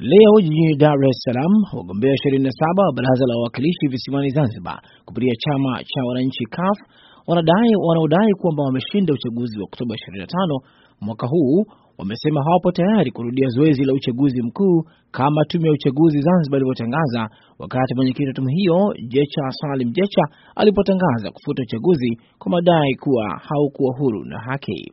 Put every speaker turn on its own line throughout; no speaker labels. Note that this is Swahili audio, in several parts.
Leo jijini Dar es Salaam, wagombea 27 wa baraza la wawakilishi visiwani Zanzibar kupitia chama cha wananchi CUF wanadai wanaodai kwamba wameshinda uchaguzi wa Oktoba 25 mwaka huu wamesema hawapo tayari kurudia zoezi la uchaguzi mkuu kama tume ya uchaguzi Zanzibar ilivyotangaza wakati mwenyekiti wa tume hiyo Jecha Salim Jecha alipotangaza kufuta uchaguzi kwa madai kuwa haukuwa huru na haki.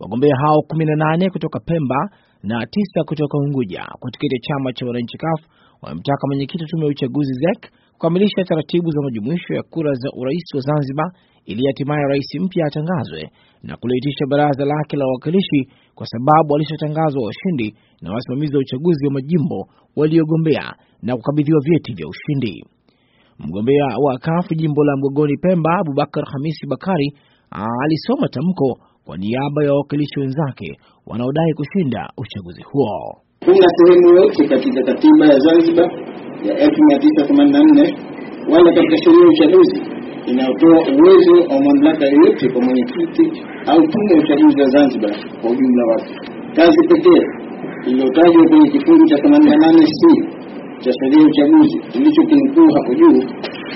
Wagombea hao 18 kutoka Pemba na tisa kutoka Unguja kwa tiketi ya chama cha wananchi kafu wamemtaka mwenyekiti tume ya uchaguzi ZEK kukamilisha taratibu za majumuisho ya kura za urais wa Zanzibar ili hatimaye rais mpya atangazwe na kuliitisha baraza lake la wawakilishi kwa sababu walishatangazwa washindi na wasimamizi wa uchaguzi wa majimbo waliogombea na kukabidhiwa vyeti vya ushindi. Mgombea wa kafu jimbo la Mgogoni Pemba, Abubakar Hamisi Bakari alisoma tamko kwa niaba ya wawakilishi wenzake wanaodai kushinda uchaguzi huo.
Kuna sehemu yote katika katiba ya Zanzibar ya nne wala katika sheria ya uchaguzi inayotoa uwezo wa mamlaka yoyote kwa mwenyekiti au tume ya uchaguzi wa Zanzibar kwa ujumla wake. Kazi pekee iliyotajwa kwenye kifungu cha 88c cha sheria ya uchaguzi kinukuu hapo juu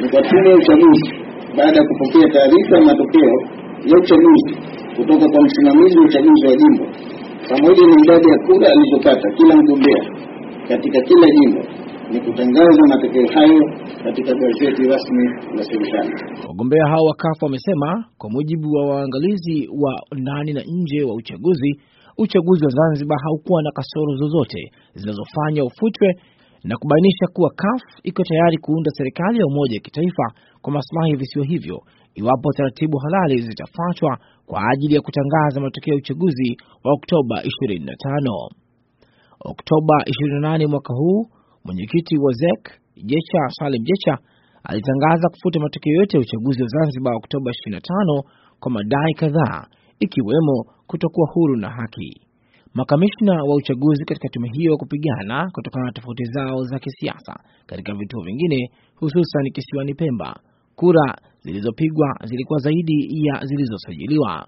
ni kwa tume ya uchaguzi, baada ya kupokea taarifa ya matokeo ya uchaguzi kutoka kwa msimamizi wa uchaguzi wa jimbo pamoja na idadi ya kura alizopata kila mgombea katika kila jimbo ni kutangaza matokeo hayo katika gazeti rasmi la serikali.
Wagombea hao wa wamesema kwa mujibu wa waangalizi wa ndani na nje wa uchaguzi, uchaguzi wa Zanzibar haukuwa na kasoro zozote zinazofanya ufutwe na kubainisha kuwa CAF iko tayari kuunda serikali ya umoja ya kitaifa kwa maslahi ya visiwa hivyo iwapo taratibu halali zitafuatwa kwa ajili ya kutangaza matokeo ya uchaguzi wa Oktoba 25. Oktoba 28 mwaka huu, mwenyekiti wa ZEK Jecha Salim Jecha alitangaza kufuta matokeo yote ya uchaguzi wa Zanzibar Oktoba 25 kwa madai kadhaa ikiwemo kutokuwa huru na haki. Makamishna wa uchaguzi katika tume hiyo kupigana kutokana na tofauti zao za kisiasa katika vituo vingine, hususan kisiwani Pemba. Kura zilizopigwa zilikuwa zaidi ya zilizosajiliwa.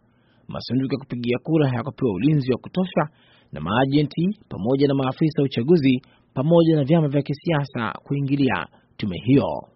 Masanduku ya kupigia kura hayakupewa ulinzi wa kutosha, na maajenti pamoja na maafisa wa uchaguzi pamoja na vyama vya kisiasa kuingilia tume hiyo.